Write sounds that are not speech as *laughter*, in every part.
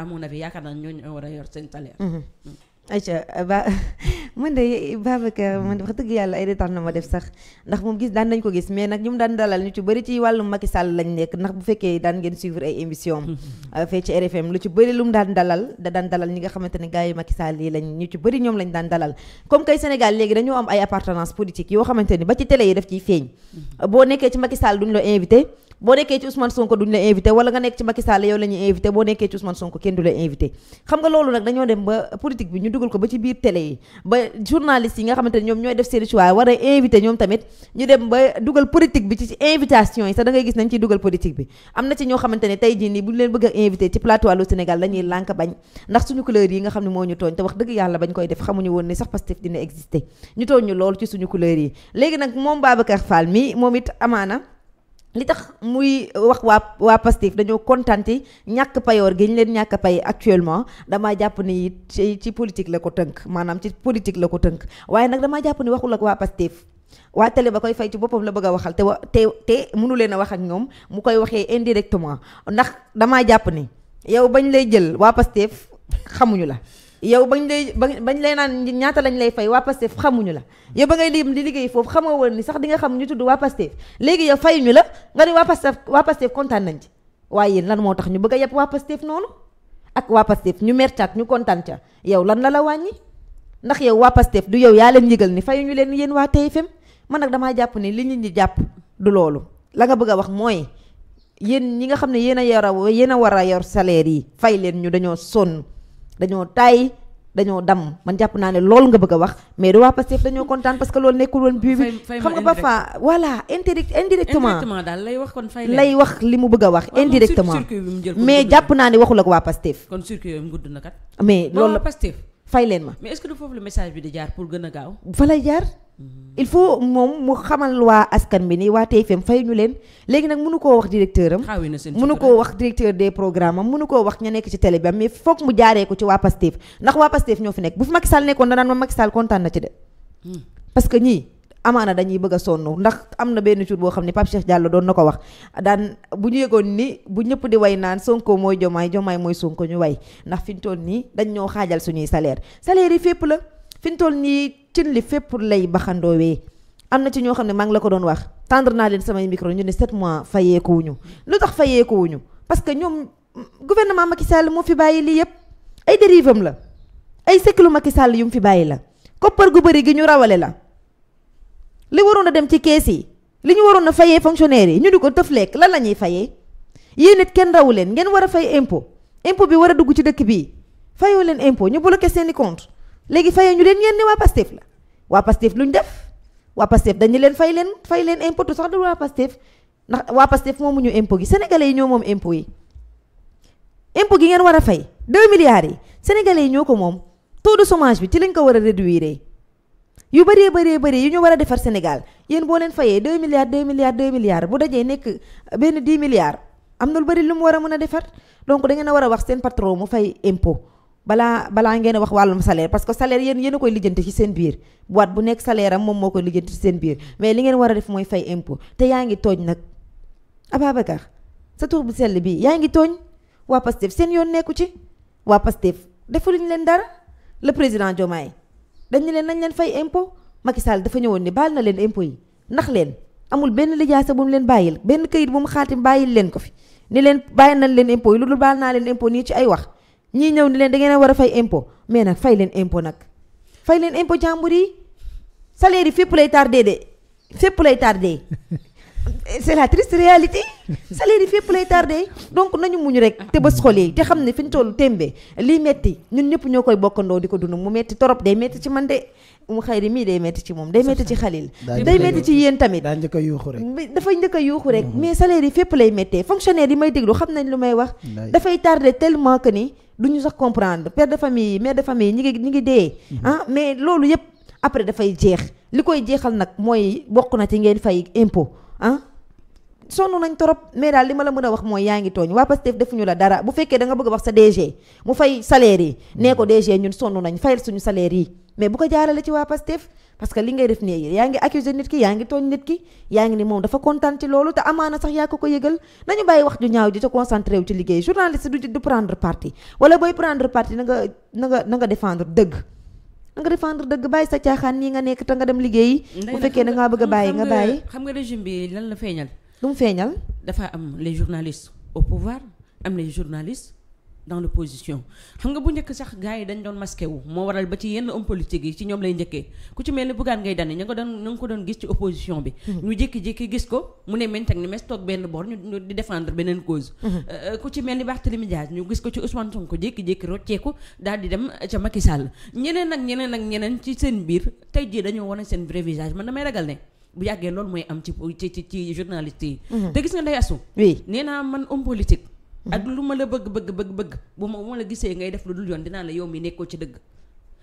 à mon avis yaakaar naa ñooñu war a yor seen salaire. Mhm. Mm. ayca ba *laughs* man de Babacar man wax dëgg yàlla ay retard na ma def sax ndax moom gis daan nañ ko gis mais nag ñu mu daan dalal ñu ci bëri ci wàllum Macky Sall lañ nekk ndax bu fekkee daan ngeen suivre ay émission am mm-hmm. *laughs* euh, fee ci RFM lu ci bëri lu daan dalal da daan dalal ñi nga xamante ne gars yi Macky Sall yi lañ ñu ci bëri ñoom lañ daan dalal comme kay Sénégal léegi dañoo am ay appartenance politique yoo xamante ni ba ci télé yi boo nekkee ci Ousmane Sonko duñ la invité wala nga nekk ci Macky Sall yow la ñuy invité boo nekkee ci Ousmane Sonko kenn du la invité xam nga loolu nag dañoo dem ba politique bi ñu dugal ko ba ci biir télé yi ba journaliste yi nga xamante ne ñoom ñooy def seen choix a invité ñoom tamit ñu dem ba dugal politique invitation yi sax gis nañ ciy dugal politique bi am na ñoo xamante ne tey jii nii bu ñu leen bëgg a invité ci plateau Allô Sénégal dañuy lànk bañ ndax suñu couleur yi nga xam ne moo ñu tooñ te wax dëgg yàlla bañ koy def xamuñu woon ne sax Pastef dina exister ñu tooñ ñu lool ci suñu couleur yi léegi nag moom Babacar Fall mi moom it amaana li tax muy wax waa waa Pastef dañoo kontaan ñàkk payoor gi ñu leen ñàkk pay actuellement damaa jàpp ni ci ci politique la ko tënk maanaam ci politique la ko tënk waaye nag damaa jàpp ni waxul ak waa Pastef waa télé ba koy fay ci boppam la bëgg a waxal te wa te te mënu leen a wax ak ñoom mu koy waxee indirectement ndax damaa jàpp ni yow bañ lay jël waa Pastef xamuñu la yow bañ lay bañ lay naan ñaata lañ lay fay waa Pastef xamuñu la yow ba ngay lim di liggéey foofu xamoo woon ni sax dinga nga xam ñu tudd waa Pastef léegi yow fayuñu la nga ne waa Pastef waa Pastef kontaan nañ ci waaye yéen lan moo tax ñu bëgg a yeb waa Pastef noonu ak waa Pastef ñu mer caag ñu kontaan ca yow lan la la wàññi ndax yow waa Pastef du yow yaa leen yëgal ni fayuñu leen yéen waa TFM mën nag damaa jàpp ni li nit ñi jàpp du loolu la nga bëgg a wax mooy yéen ñi nga xam ne yéen a yor yéen a war a yor salaire yi fay leen ñu dañoo sonn dañoo tay dañoo dam man jàpp naa ne loolu nga bëgg a wax mais du waa Pastef dañoo kontaan parce que lool nekkul woon bi bi xam nga ba fa voilà indirectement lay wax kon fay lay wax li mu bëgg a wax indirectement mais jàpp naa ne waxula ak waa Pastef kon circuit yooyu mu gudd na kat mais loolu la Pastef fay leen ma mais foofu le message bi di jaar pour gën a gaaw fa lay jaar il faut moom mu xamal waa askan bi nii waa TFM fay ñu leen léegi nag mënu koo wax directeur am mënu koo wax directeur de programme am mënu koo wax ña nekk ci télé bi am mais foog mu jaaree ko ci waa Pastef ndax waa Pastef ñoo fi nekk bu fi Macky Sall nekkoon danaan ma Macky Sall kontaan na ci de hmm. parce que ñii amaana dañuy bëgg a sonn ndax am na benn jour boo xam ne Pape Cheikh Diallo doon na ko wax daan bu ñu yëgoon ni bu ñëpp di way naan Sonko moo jomaay jomaay mooy Sonko ñu way ndax fi ñu toll nii dañ ñoo xaajal suñuy salaire fi ñu toll nii cin li fépp lay baxandoowee am na ci ñoo xam ne maa ngi la ko doon wax tendre naa leen samay micro ñu ne 7 mois fayeekuwuñu lu tax fayeekuwuñu parce que ñoom gouvernement Macky Sall moo fi bàyyi lii yëpp ay dérive am la ay séklu Macky Sall yu mu fi bàyyi la koppar gu bëri gi ñu rawale la li waroon a dem ci kees yi li ñu waroon a fayee fonctionnaire yi ñu di ko tëf lekk lan la ñuy fayee yéen it kenn rawu leen ngeen war a fay impôt impôt bi war a dugg ci dëkk bii fayoo leen impôt ñu bloqué seeni compte léegi fayee ñu leen yéen ne waa Pastef la waa Pastef lu ñu def waa Pastef dañu leen fay leen fay leen impôt sax du waa Pastef ndax waa moom moomu ñu impo gi sénégalais yi ñoo moom impo yi impo gi ngeen war a fay 2 milliards yi sénégalais yi ñoo ko moom taux de chômage bi ci lañ ko war a réduire yu baree bëree bëri yu ñu war a defar Sénégal yéen boo leen fayee deux milliards 2 milliards 2 milliards bu dajee nekk benn 10 milliards am na lu bëri lu mu war a mën a defar donc da war a wax seen patron mu fay impôt balaa balaa ngeen wax wàllum salaire parce que salaire yéen yéen koy lijjanti ci seen biir boîte bu nekk salaire am moom moo koy lijjanti ci seen biir mais li ngeen war a def mooy fay impôt te yaa ngi tooñ nag Ababacar sa tur bu sell bii yaa ngi tooñ waa Pastef seen yoon nekku ci waa Pastef defaluñu leen dara le président Diomaye dañu leen nañ leen fay impôt Macky Sall dafa ñëwoon ni baal na leen impôt yi ndax leen amul benn lijaasa bu mu leen bàyyil benn këyit bu mu xaatim leen ko fi ni nañ leen impôt lu dul baal naa leen impôt nii ci ay wax ñii ñëw ni leen da ngeen war a fay impôt mais nag fay leen impôt fay leen impôt jàmbur yi salaire yi fépp lay tardé de fépp lay tarde *laughs* c'est la triste réalité salaire yi fépp lay tardé donc nañu muñu rek te bés xol yi te xam ne fi ñu toll tembe lii metti ñun ñëpp ñoo koy bokkandoo di ko dund mu metti torop day metti ci man de mu um xayri mii day metti ci moom day metti ci xalil day metti ci yéen tamit daa njëkk a yuuxu rek dafay njëkk a yuuxu rek mm-hmm. mais salaire yi fépp lay méttee fonctionnaire yi may déglu xam nañ lu may wax dafay tardé tellement que ni duñu sax comprendre père de famille mère de famille ñi ngi ñi ngi dee. Mhm. ah mais loolu yëpp après dafay jeex li koy jeexal nag mooy bokk na ci ngeen fay impôt ah. sonn nañ torop mais daal li ma la mën a wax mooy yaa ngi tooñ waa Pastef defuñu la dara bu fekkee da nga bëgg a wax sa DG mu fay salaire yi mhm. nee ko DG ñun sonn nañ fayal suñu salaire yi mais bu ko jaarale ci waa Pastef parce que li ngay def nii yaa ngi accuser nit ki yaa ngi tooñ nit ki yaa ngi ni moom dafa kontaan ci loolu te amaana sax yaa ko ko yëgal nañu bàyyi wax ju ñaaw ji te concentré wu ci liggéey journaliste du prendre parti wala booy prendre parti na nga na nga dëgg na nga dëgg bàyyi sa caaxaan nii nga nekk te nga dem liggéey bu fekkee dangaa ngaa bëgg bàyyi nga bàyyi xam nga régime bi lan la feeñal lu mu feeñal dafa am les journalistes au pouvoir am les journalistes dans l'opposition xam nga bu njëkk sax gars dañ doon masqué wu moo waral ba ci yenn homme politique yi ci ñoom lay njëkkee ku ci mel ni Bougane ngay dani ña nga doon ña nga ko doon gis ci opposition bi mhm. ñu jékki-jékki gis ko mu ne mel ni mes toog benn boor ñu di défendre beneen cause mhm. euh, ku ci mel ni Barthélémy Dias ñu gis ko ci Ousmane Sonko jékki-jékki rocceeku daal di dem ca Macky ñeneen ak ñeneen ak ñeneen ci seen biir tey jii dañoo wane seen vrai visage man damay ragal ne bu yàggee loolu mooy am ak lu ma la bëgg bëgg bëgg bëgg bu ma bu la gisee ngay def lu dul yoon dinaa la yow mi nekkoo ci dëgg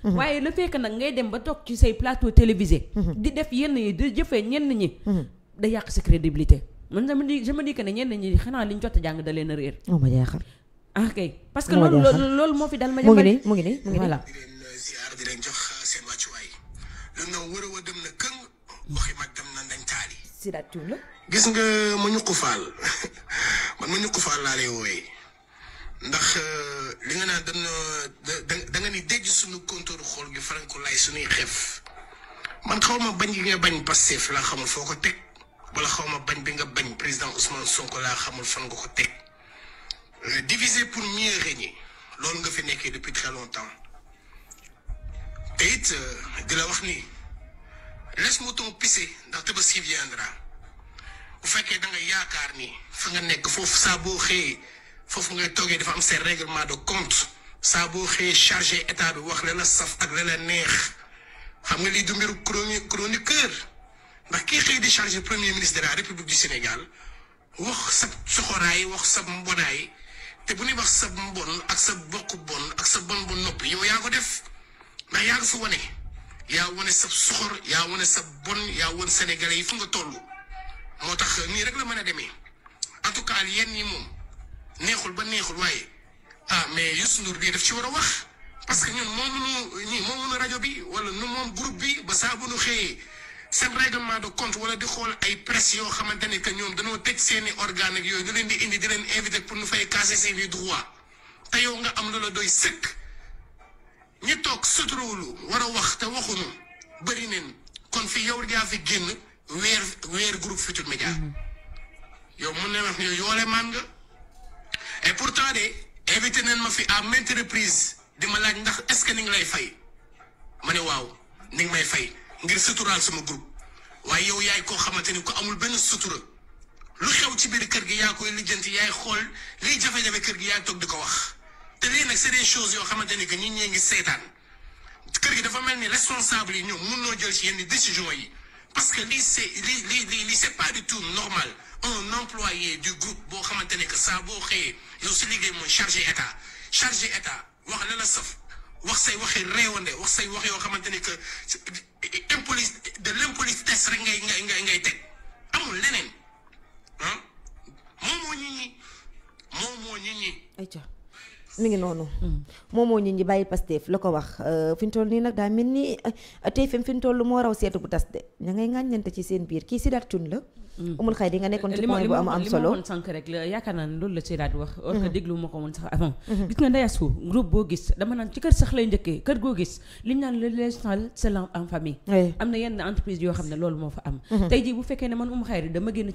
mhm. waaye la fekk nag ngay dem ba toog ci say plateau télévisé mhm. di def yenn yi di jëfee ñenn ñi mhm. da yàq sa crédibilité man dama di je me dis que ne ñenn ñi xanaa li ñu jot a jàng da leen a réer moo oh, ma jaaxal ah parce que oh, loolu loolu moo fi dal ma mu ngi nii mu ngi nii mu ngi nii voilà euh, ziar di Sidath Thioune gis nga ma ñuqu faal man ma ñuqu faal laa lay wooyee ndax euh, li nga naan dañ da nga ni dégg suñu kontóoru xool gi faran ko lay suñuy xeef man xaw ma bañ gi nga bañ Pastef laa xamul foo ko teg wala xaw ma bañ bi nga bañ président Ousmane Sonko laa xamul fan nga ko teg euh, diviser pour mieux régner loolu nga fi nekkee depuis très longtemps te it euh, di la wax nii laisse-moi ton pisser ndax si viendra bu fekkee da nga yaakaar ni fa nga nekk foofu saaboo boo xëyee foofu ngay toogee dafa am seen règlement de compte saa boo xëyee chargé état bi wax la la saf ak la la neex xam nga lii du mbiru chroniqueur ndax kii xëy di chargé premier ministre de la république du Sénégal wax sa soxoraay wax sa mbonaay te bu ñuy wax sa mbon ak sa bokk bon ak sa bon bu noppi yow yaa ko def ndax yaa ko fi wane. yaa wone sa soxor yaa wane sa bon yaa wane sénégalais yi fu nga toll moo tax nii rek la mën a demee en tout yenn yi moom neexul ba neexul waaye ah mais Youssou Ndour bii daf ci war a wax parce que ñun moom ñii rajo bi wala nu moom groupe bi ba saa bu nu xëyee seen règlement de compte wala di xool ay presse yoo xamante ne que ñoom dañoo tëj seeni organes yooyu ñu leen di indi di leen invité pour nu fay casser seeni droit te yow nga am loola doy sëkk. ñi toog suturoolu war a wax te waxunu bëri neen kon fi yow yaa fi génn weer weer groupe Futurs Médias mhm. yow mun ne wax ne yoole man nga et pourtant de invité ma fi à maintes reprises di ma laaj ndax est-ce que ni lay fay ma ne waaw ni ngi may fay ngir suturaal sama groupe waaye yow yaay koo xamante ni ko amul benn sutura lu xew ci biir kër gi yaa koy lijjant yaay xool liy jafe-jafe kër gi yaa toog di ko wax te lii nag c'est des choses yoo xamante ni que ñun ñee ngi seetaan kër gi dafa mel ni responsable yi ñoom mun noo jël ci yenn décision yi parce que lii c'est lii li lii lii c'est pas du tout normal un employé du groupe boo xamante ne que saa boo xëyee yow si liggéey mooy chargé état chargé état wax la la saf wax say waxi réewande wax say wax yoo xamante ne que impoli de l'impolitesse rek ngay ngay ngay ngay teg amul leneen ah moom moo ñi moom moo ñit ñi mi ngi noonu. moom moo ñu ñi bàyyi Pastef la ko wax euh, fi ñu toll nii nag daa mel ni euh, TFM fi ñu toll moo raw seetu bu tas de ña ngay ŋàññante ci seen biir kii Sidath Thioune la. amul mm. xëy nga nekkoon ci point bu am li ma sànq rek la yaakaar naa ne loolu la ci daal wax or mm-hmm. déglu ma ko woon sax avant mm-hmm. gis nga ndayasu li ñu xam ne loolu moo fa am mm-hmm. tey li nga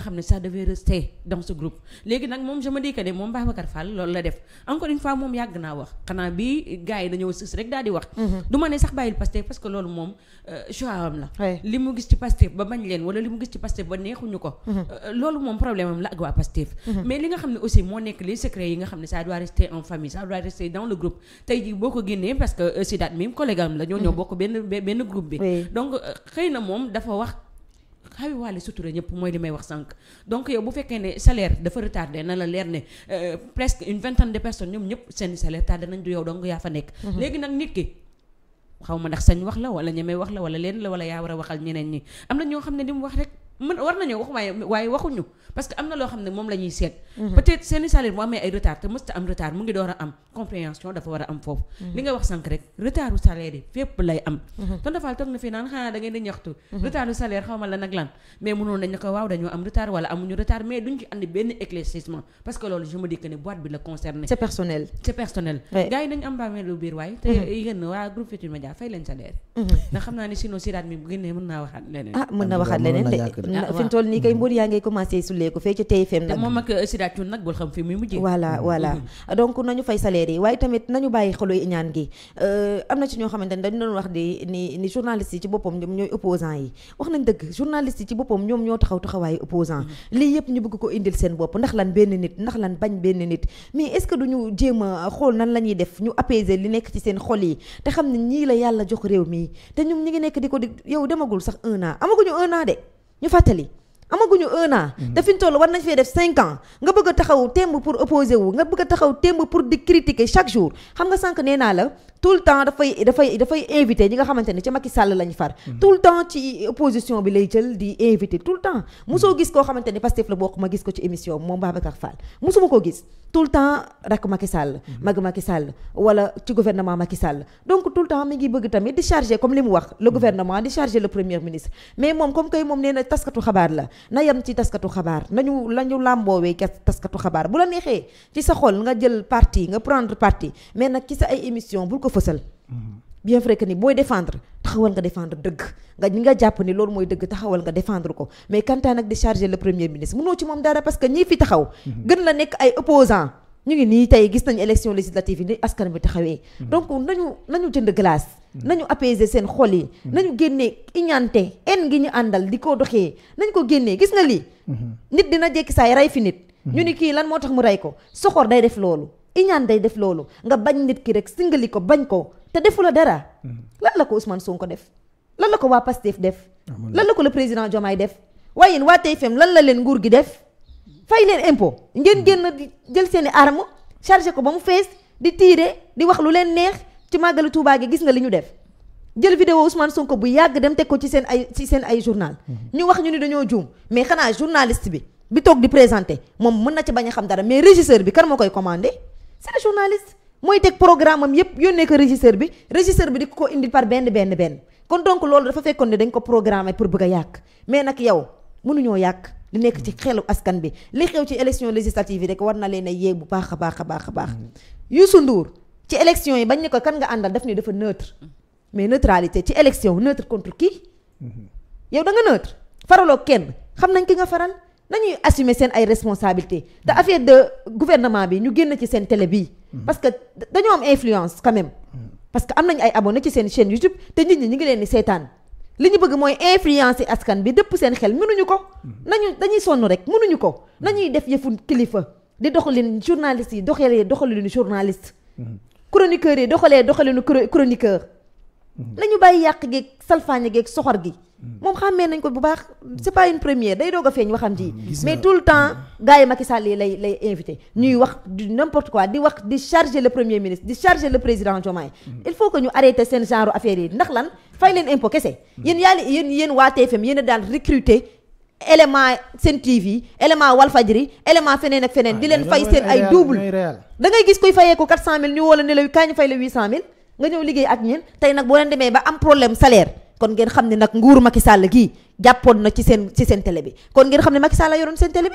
xam ne ça devait rester dans groupe léegi nag moom je me ne moom Babacar Fall loolu la def encore yi mhm. euh, mhm. euh, mhm. nga xam ne aussi moo nekk les en famille ça doit rester dans le groupe tey boo ko génnee parce que euh, Sidaat même collègue am la ñoo ñoo bokk benn benn bi donc xëy na moom dafa wax xawi waale sutura ñëpp mooy li may wax sànq donc yow bu fekkee ne salaire dafa retardé na la leer ne euh, presque une vingtaine de personnes ñoom ñëpp seen salaire tardé nañ du yow donc yaa fa nekk mhm. léegi nag nit ki xaw ma ndax sañ wax la wala ñemee wax la wala leen la wala yaa war a waxal ñeneen ñi am na ñoo xam ne li mu wax rek mën war nañoo waaye waaye waxuñu parce am na loo xam ne moom la seet. Mhm. peut seeni salaire mu amee ay retard te mësta am retard mu ngi door a am compréhension dafa war a am foofu. Mhm. li nga wax sànq rek retardu salaire yi lay am. Mhm. tonton Fall na fii naan xanaa da ngeen di ñaxtu. retardu salaire mi bu génnee naa waxaat leneen. Ah, fi mu toll nii kay mm. mbóot yaa ngay commencé sulleeku fee ca TFM nag euh, nag bul xam mm-hmm. Mm-hmm. donc nañu fay salaire yi waaye tamit nañu bàyyi xelu ñaan gi euh, am na ci ñoo xamante ne dañu doon wax di ni ni journaliste yi ci boppam ñoom ñooy opposant yi wax nañ dëgg journaliste yi ci boppam ñoom ñoo taxaw taxawaayu opposant mm-hmm. lii yëpp ñu bëgg ko indil seen bopp ndax lan benn nit ndax lan bañ benn nit mais est-ce que duñu jéem a xool nan lañuy def ñu apaiser li nekk ci seen xol yi te xam ne ñii la yàlla jox réew mi te ñoom ñu ngi nekk di ko di yow demagul sax un an amaguñu un de ñu fàttali amaguñu un an. Mm-hmm. te fi toll war nañ fee def cinq ans nga bëgg a taxaw temb pour opposer wu nga bëgg a taxaw temb pour di critiquer chaque jour xam nga sànq nee naa la tout le temps dafay dafay invité ñi nga xamante ne ci Macky Sall lañ far mm-hmm. tout le temps ci opposition bi lay jël di invité tout le temps mm-hmm. mosoo gis koo xamante ne Pastef la bokk ma gis ko ci émission moom Babacar Fall mosuma ko gis tout le temps rakk Macky mm-hmm. mag Macky Sall wala ci gouvernement Macky Sall donc tout le temps mi ngi bëgg tamit di charger comme li mu wax le gouvernement di charger le premier ministre mais moom comme kay moom nee na fësal bien vrai que ni booy défendre taxawal nga défendre dëgg nga ñi nga jàpp ni loolu mooy dëgg taxawal nga défendre ko mais kantaan nag di charger la premier ministre mënoo ci moom dara parce que ñii fi taxaw mhm. gën la nekk ay opposant ñu ngi nii tey gis nañu élection législative yi ni askan bi taxawee mhm. donc nañu nañu jënd glace mhm. nañu apaiser seen xol yi nañu génnee iñaante en gi ñu àndal di ko doxee nañ ko génnee gis nga lii nit dina jekki saay rey fi nit ñu ni kii lan moo tax mu rey ko soxor day def loolu iñaan day def loolu nga bañ nit ki rek singali ko bañ ko te defu la dara. Mm-hmm. lan la ko Ousmane ko def lan la ko waa Pastef def. Ah, lan la ko la président Diomaye def. waaye waa TFM lan la leen nguur gi def fay leen impôt ngeen mm-hmm. génn di jël seeni arme chargé ko ba mu fees di tiire di wax lu leen neex ci màggalu Tuubaa gi gis nga li ñu def. jël vidéo Ousmane ko bu yàgg dem teg ko ci seen ay ci seen ay journal mm-hmm. ñu wax ñu ni dañoo juum mais xanaa journaliste bi bi di présenté moom mën na ci bañ xam dara mais régisseur bi kan moo koy commandé. c'est le journaliste mooy teg programme am yëpp yónnee ko régisseur bi régisseur bi di ko indil par benn benn benn kon donc loolu dafa fekkoon ne dañ ko programmer pour bëgg a yàq mais nag yow mënuñoo yàq li nekk ci xelu askan bi li xew ci élection législative yi rek war na leen a yee bu baax a baax a baax a baax Youssou Ndour ci élection yi bañ ne ko kan nga àndal daf ni dafa neutre mais neutralité ci élection neutre contre qui mm-hmm. yow da nga neutre faraloo kenn xam nañuy assumer seen ay responsabilité te affaire de gouvernement bi ñu génn ci seen télé bii parce que dañoo am influence quand même parce am nañu ay abonné ci seen yu YouTube te nit ñi ñu ngi leen di seetaan li ñu bëgg mooy influencer askan bi dëpp seen xel mënuñu ko nañu dañuy sonn rek mënuñu ko nañuy def yëfu kilifa di doxalin journaliste yi doxalee doxalinu journaliste mm-hmm. chroniqueurs yi doxalee doxalinu chroniqueur Mm-hmm. la ñu bàyyi yàq geeg salfaañe geeg soxor gi mm-hmm. moom xàmmee nañ ko bu baax c'est pas une première day doog a feeñ waxam ji mais tout le temps mm-hmm. gars yi Macky Sall yi lay invité ñuy wax du n'importe quoi di wax di charger le premier ministre di charger le président Diomaye il faut que ñu arrêté seen genre affaire yi ndax lan fay leen impôt kese yéen yàlla yéen yéen waa TFM yéen a daan recruter élément seen TV élément Walfadjri élément feneen ak feneen di ah, leen fay seen nga ñëw liggéey ak ñeen tey nag boo leen demee ba am problème salaire kon ngeen xam ne nag nguuru Macky Sall gii jàppoon na ci seen ci seen télé bi kon ngeen xam ne Macky Sall a yoroon seen télé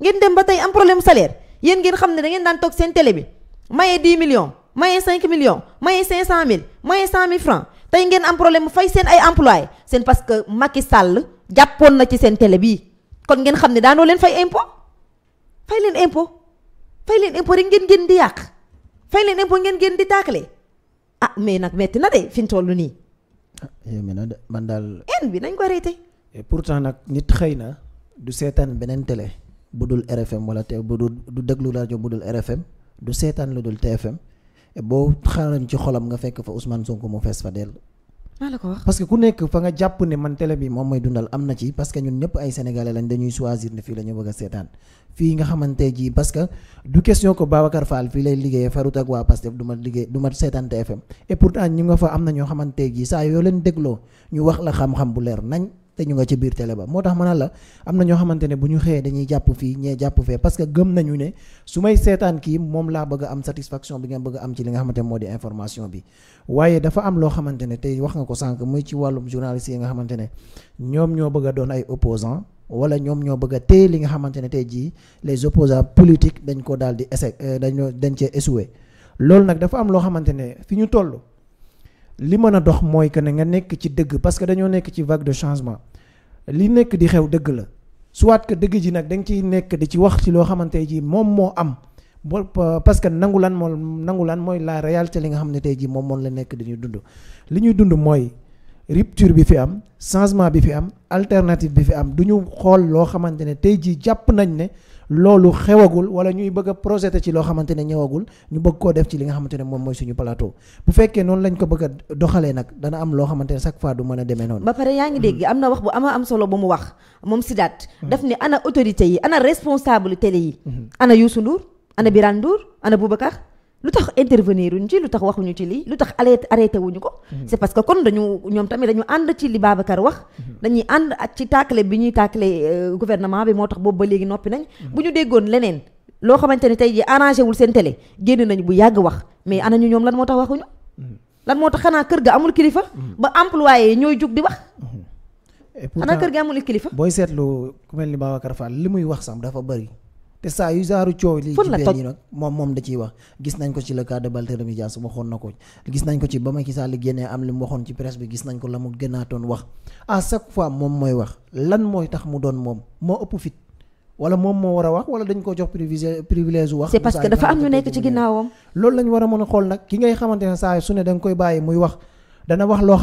dem ba am problème salaire yéen ngeen xam ne da daan toog seen télé bi maye 10 millions maye 5 millions maye 500 000 maye 100 000 francs tey ngeen am problème fay seen ay employé seen parce que Macky Sall jàppoon na ci seen bii kon ngeen xam ne daanoo leen fay impôt fay leen impôt fay leen impôt rek ngeen ngeen di yàq fay leen impôt ngeen ngeen di taakale ah mais nag metti na de fi toll nii. ah yéeme na man daal. en bi nañ ko arrêté. pourtant nag nit xëy na du seetaan beneen télé bu dul RFM wala te bu du du déglu rajo bu dul RFM du seetaan lu dul TFM boo xaaroon ci xolam nga fekk fa Ousmane Sonko mu fees fa dell. maa ah, parce que ku nekk fa nga jàpp ne man télé bi moom mooy dundal am na ci parce que ñun ñëpp ay sénégalais lañ dañuy choisir ne fii la ñu seetaan fii nga xamante ji parce que du question que Babacar Fall fii lay liggéeyee farut ak waa Pastef du ma liggéey du ma seetaan TFM et pourtant ñu nga fa am na ñoo xamante ji saa yoo leen dégloo ñu wax la xam-xam bu leer nañ te ñu nga ca biir télé ba moo tax ma ne la am na ñoo xamante ne bu ñu xëyee dañuy jàpp fii ñee jàpp fee parce que gëm nañu ne su may seetaan kii moom laa bëgg a am satisfaction bi nga bëgg am ci li nga xamante ne moo di information bi waaye dafa am loo xamante ne tey wax nga ko sànq muy ci wàllum journaliste yi nga xamante ne ñoom ñoo bëgg a doon ay opposant wala ñoom ñoo bëgg a téye li nga xamante ne tey jii les opposants politiques dañ ko daal di échec euh, dañoo dañ cee échoué loolu nag dafa am loo xamante ne fi ñu toll li mën a dox mooy que ne nga nekk ci dëgg parce que dañoo nekk ci vague de changement li nekk di xew dëgg la soit que dëgg ji nag da nga ciy nekk di ci wax ci loo xamante ji moom moo am boo parce que nangu laan moo nangu lan mooy la réalité li nga xam ne tey jii moom moom la nekk di ñuy dund li ñuy dund mooy rupture bi fi am changement bi fi am alternative bi fi am du ñu xool loo xamante ne tey jii jàpp nañ ne loolu xewagul wala ñuy bëgg a projeté ci loo xamante ne ñëwagul ñu bëgg koo def ci li nga xamante ne moom mooy suñu plateau bu fekkee noonu lañ ko bëgg a doxalee nag dana am loo xamante ne chaque fois du mën a demee noonu. ba pare yaa ngi dégg mm-hmm. am na wax bu ama am solo bu mu wax moom Sidaat. Mm-hmm. daf ne ana autorité yi ana responsable télé yi. Mm-hmm. ana Youssou Ndour ana Birane Ndour ana Boubacar. lu tax intervenir wuñ ci lu tax waxuñu ci lii lu tax arrêté wuñu ko mhm. c'est parce que kon dañu ñoom tamit dañu ànd ci li Babacar wax mhm. dañuy ànd ak ci tàkkale bi ñuy tàkkale euh, gouvernement bi moo tax boobu ba léegi noppi nañ mhm. bu ñu déggoon leneen loo xamante ne tey ji arrangé wul seen télé génn nañ bu yàgg wax mais ana ñu ñoom lan moo tax waxuñu lan moo tax xanaa kër gi amul kilifa ba employé yi ñooy jug di wax xanaa kër ga amul kilifa booy seetlu ku mel ni Babacar Fall li muy wax sam dafa bëri te saa yu genre coow li fan la toj nag moom moom da ciy wax gis nañ ko ci le cas de Barthélémy Dias waxoon na ko gis nañ ko ci ba Macky Sall génnee am li mu waxoon ci presse bi gis nañ ko la mu gënaatoon wax à chaque fois moom mooy wax lan mooy tax mu doon moom moo ëpp fit wala moom moo war a wax wala dañ ko jox privilège privilège wax c'est dafa am ñu nekk ci ginnaawam loolu lañ war a mën a xool nag ki ngay xamante ne saa su ne da nga koy bàyyi